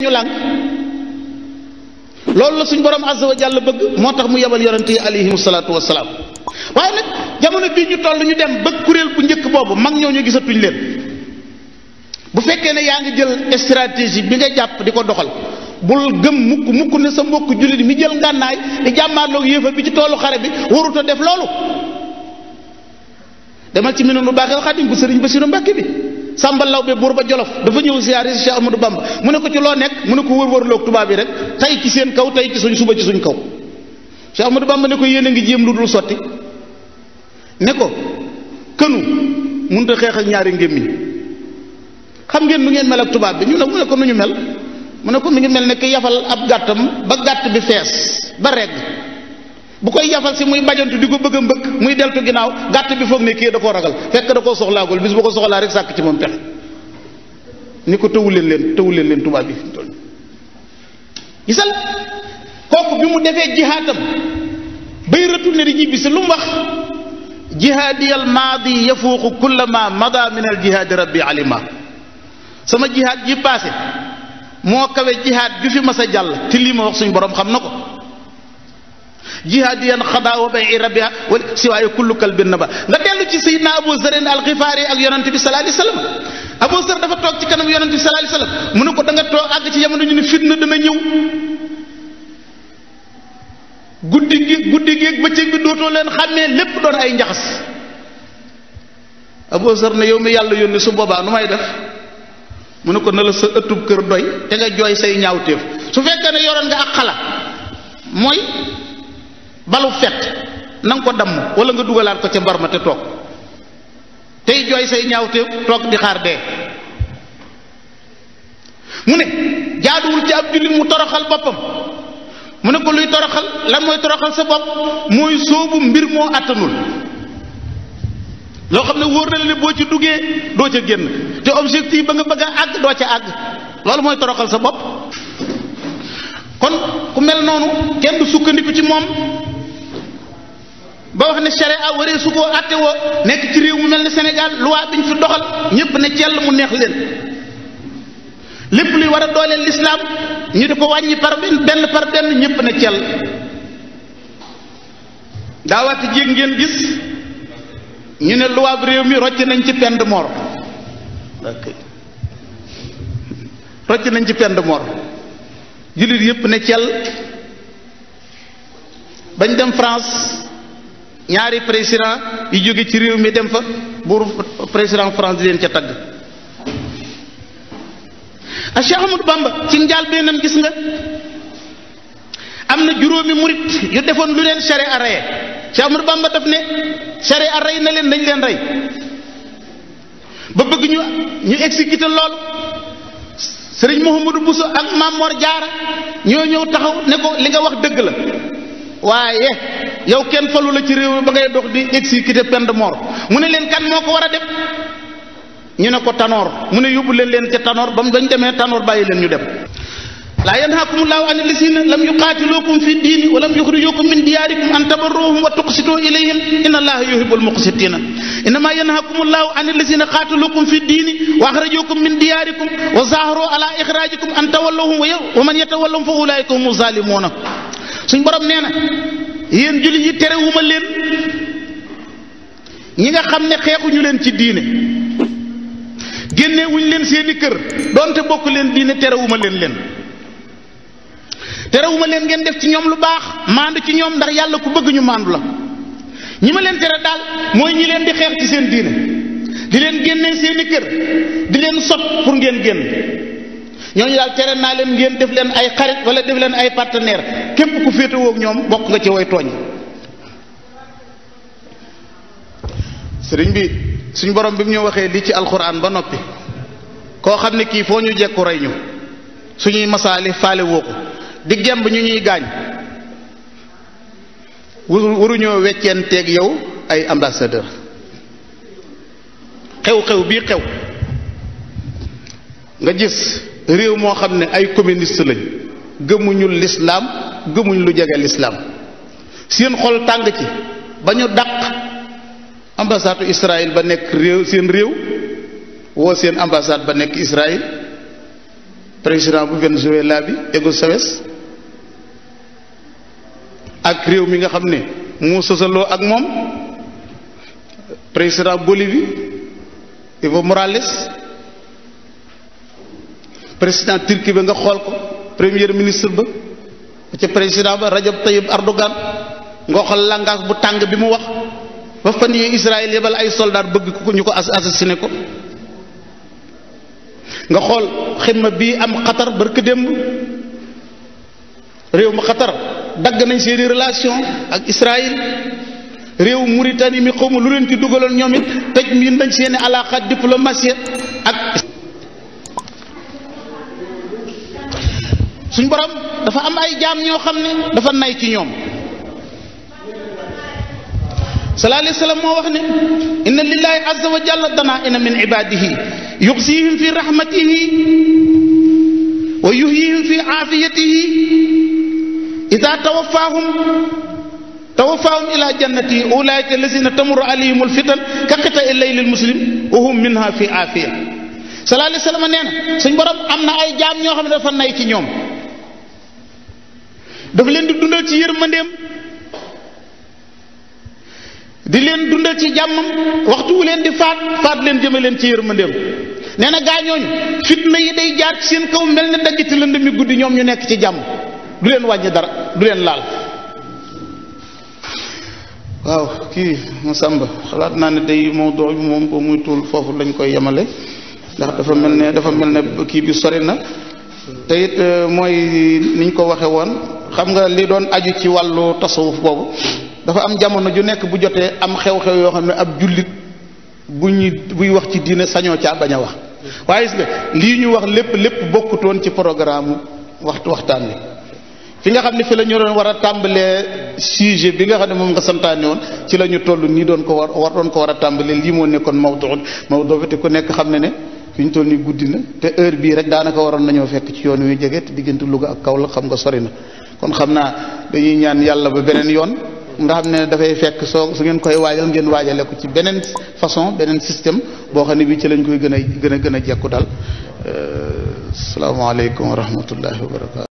ñu loolu la suñ borom azza wa jàll bëgg moo tax mu yebal yonent yi alayhimu salaatu waaye nag jamono bii ñu toll ñu dem bëgg kuréel bu njëkk boobu mag ñoo ñu gisatuñ leen bu fekkee ne yaa ngi jël stratégie bi nga jàpp di ko doxal bul gëm mukk mukk ne sa mbokk jullit mi jël ngànnaay di jàmmaarloog yéefar bi ci toolu xare bi warut a def loolu demal ci mine nu baaxel xadim bu sëriñ Basiru Mbàkke bi Samba Lawbe buur ba Jolof dafa ñëw ziyaare si Cheikh Ahmadou Bamba mu ne ko ci loo nekk mu ne ko wër-wër loog tubaab yi rek tey ci seen kaw tey ci suñ suba ci suñ kaw Cheikh Ahmadou Bamba ne ko yéen a ngi jéem lu dul sotti ne ko kënu mënut te xeex ak ñaari ngémmi xam ngeen nu ngeen mel ak tubaab bi ñu ne mu ne ko nu ñu mel mu ne ko mu ngi mel ne ki yafal ab gàttam ba gàtt bi fees ba regg bu koy yafal ci muy mbajantu diko bëgg mbëkk muy deltu ginaaw gàtt bi foog ne ki da ko ragal fekk da koo soxlaagul bis bu ko soxla rek sak ci mom pexe ni ko tëwu len leen tëwu len leen tubaab bi fi mu gisal kokku bi mu defé jihadam bay retourné di ñibbi si lu mu wax jihaadi al maadi yafuq kullama mada min al jihad rabbi alima sama jihad ji passé mo kawe jihad ju fi massa jàll ti li ma wax suñu borom xam na jihaadiyan xadaa wa bay i rabbiha wala si waaye kullu kalbin na ba nga dellu ci sayidna abu zarin alxifaari ak yonente bi sallallahu alayhi wasallam abu zar dafa toog ci kanam yonente bi sallallahu alayhi wasallam mu ne ko danga nga toog àgg ci jamono ñu ne fitna dana ñëw guddi gi guddi gi ak bëccëg bi dootoo leen xàmmee lépp doon ay njaxas abu zar na yow mi yàlla yónni su boobaa nu may def mu ne ko nala la sa ëttub kër doy te nga jooy say ñaawteef su fekkee ne yoroon nga ak xala mooy balu fet nang ko dam wala nga dugalat ko ci mbarma te tok tey joy say ñaawte tok di xaar de mune jaadul ci abdul mu toroxal bopam mune ko luy toroxal lan moy toroxal sa bop moy soobu mbir mo atanul lo xamne ne na le bo ci duggee do ca genn te objectif ba nga bëgg ag do ca àgg loolu toroxal sa bop kon ku mel nonu kenn du sukkandiku ci mom ba wax ne sharia waree su koo àtte woo nekk ci réew mu mel ni Sénégal loi biñ fi doxal ñëpp ne ci yàlla mu neex leen lépp luy war a dooleel lislaam ñu di ko wàññi par benn par benn ñëpp ne cell daawaati jéeg ngeen gis ñu ne loi réew mi rocc nañ ci peine de mort rocc nañ ci peine de mort jullit yëpp ne cell bañ dem France ñaari président yu jóge ci réew mi dem fa buur président France di leen ca tagg a ah, Cheikh Ahmadou Bamba ci njaal bennam gis nga am na juróomi murit yu defoon lu leen sare a reye Cheikh Ahmadou Bamba daf ne sare a rey na leen nañ leen rey ba bëgg ñu ñu exécuté loolu sëriñ Mouhamadou Bousso ak Mamor Jaara ñoo ñëw taxaw ne ko li nga wax dëgg la waaye yow kenn falu la ci réew ba ngay dox di exécuter peine de mort mu ne leen kan moo ko war a def ñu ne ko tanoor mu ne yóbbu leen leen ca tanoor ba mu dañ demee tanoor bàyyi leen ñu dem laa yanhaakumullahu an allasina lam yuqaatilukum wa lam yuxrijukum min diyaarikum an tabarruhum wa tuqsitu ilayhim inna allaha yuhibbul muqsitina innama yanhaakumullahu an allasina fi diini wa axrajukum min diyaarikum wa zaaharu ala ixraajikum an tawallahum wa man yatawallahum fa ulaika humu zalimuna suñ borom nee yéen jullit yi terewuma leen ñi nga xam ne xeexuñu leen ci diine génnewuñ leen seeni kër donte bokk leen diine terewuma leen leen terewuma leen ngeen def ci ñoom lu baax maandu ci ñoom ndax yàlla ku bëgg ñu maandu la ñi ma leen tere daal mooy ñi leen di xeex ci seen diine di leen génne seeni kër di leen sot pour ngeen génn ñooñu daal tere naa leen ngeen def leen ay xarit wala def leen ay partenaire képp ku féetewoo ak ñoom bokk nga ci way tooñ sëriñ bi suñ borom bi mu ñu waxee lii ci alxuraan ba noppi koo xam ne kii foo ñu jekku rey ñu suñuy masaali faale woo ko di gemb ñu ñuy gaañ waruñoo wecceenteeg yow ay ambassadeur xew-xew bii xew nga gis réew moo xam ne ay communiste lañ gëmuñu lislaam gëmuñ lu jégué l'islam seen xol tang ci bañu dak ambassade israël ba nek rew seen rew wo seen ambassade ba nek israël président bu venezuela bi ego sawes ak rew mi nga xamné mo sosalo ak mom président bolivie evo morales président Turki ba nga xol ko premier ministre ba ci président ba Rajab Tayyib Erdogan ngooxal xool bu tàng bi mu wax ba fan yii Israël yebal ay soldat bëgg ku ñu ko assassiné ko nga xool xidma bii am Qatar barka démb réew mu Qatar dagg nañ seeni relation ak Israël réew Mauritanie mi xaw ma lu leen ci dugaloon ñoom it tëj miin nañ seeni alaaxaat diplomatie ak suñ borom dafa am ay jaam ñoo xam ne dafa nay ci ñoom sallallahu alayhi wasallam moo wax ne inna lillahi azza wa jalla dana ina min ibadihi yuxsihim fi rahmatihi wa yuhyihim fi afiyatihi ida tawaffahum توفاهم إلى جنته أولئك الذين تمر عليهم الفتن كقطع الليل المسلم وهم منها في عافية صلى الله عليه وسلم نينا سن بروم امنا اي جام ньо خامne dafa nay ci ñoom dafa leen di dundal ci yërmandeem di leen dundal ci jàmm waxtu leen di faat faat leen jëme leen ci yërmandeem nee na gaañooñ fitna yi day jaar ci seen kaw mel ne daggiti lënd mi guddi ñoom ñu nekk ci jàmm du leen wàññi dara du leen laal waaw kii Masamba xalaat naa ne day mawdu bi moom ko muy tuul foofu lañ koy yemale ndax dafa mel ne dafa mel ne kii bi sori na te euh, mooy niñ ko waxe woon xam nga li doon aju ci wàllu tasawuf boobu dafa am jamono ju nekk bu jotee am xew-xew yoo xam ne ab jullit bu ñuy buy wax ci diine sañoo caa bañ a wax waaye gis nga lii ñu wax lépp lépp bokkutoon ci programme waxtu waxtaan wi fi nga xam ne fi la ñu doon war a tàmbalee sujet bi nga xam ne moom nga santaane woon ci la ñu toll nii doon ko war war doon ko war a tàmbalee lii moo nekkoon mawdu mawdu bi te ku nekk xam ne ne fi ñu toll nii guddi na te heure bii rek daanaka waroon nañoo fekk ci yoon wi jege te diggante Louga ak Kaolack xam sori na kon xam naa dañuy ñaan yàlla ba beneen yoon nga xam ne dafay fekk soo su ngeen koy waajal ngeen waajale ko ci beneen façon beneen système boo xam ne bii ci lañ koy gën a gën a gën a jekku dal euh, salaamaaleykum wa rahmatullahi wa barakatu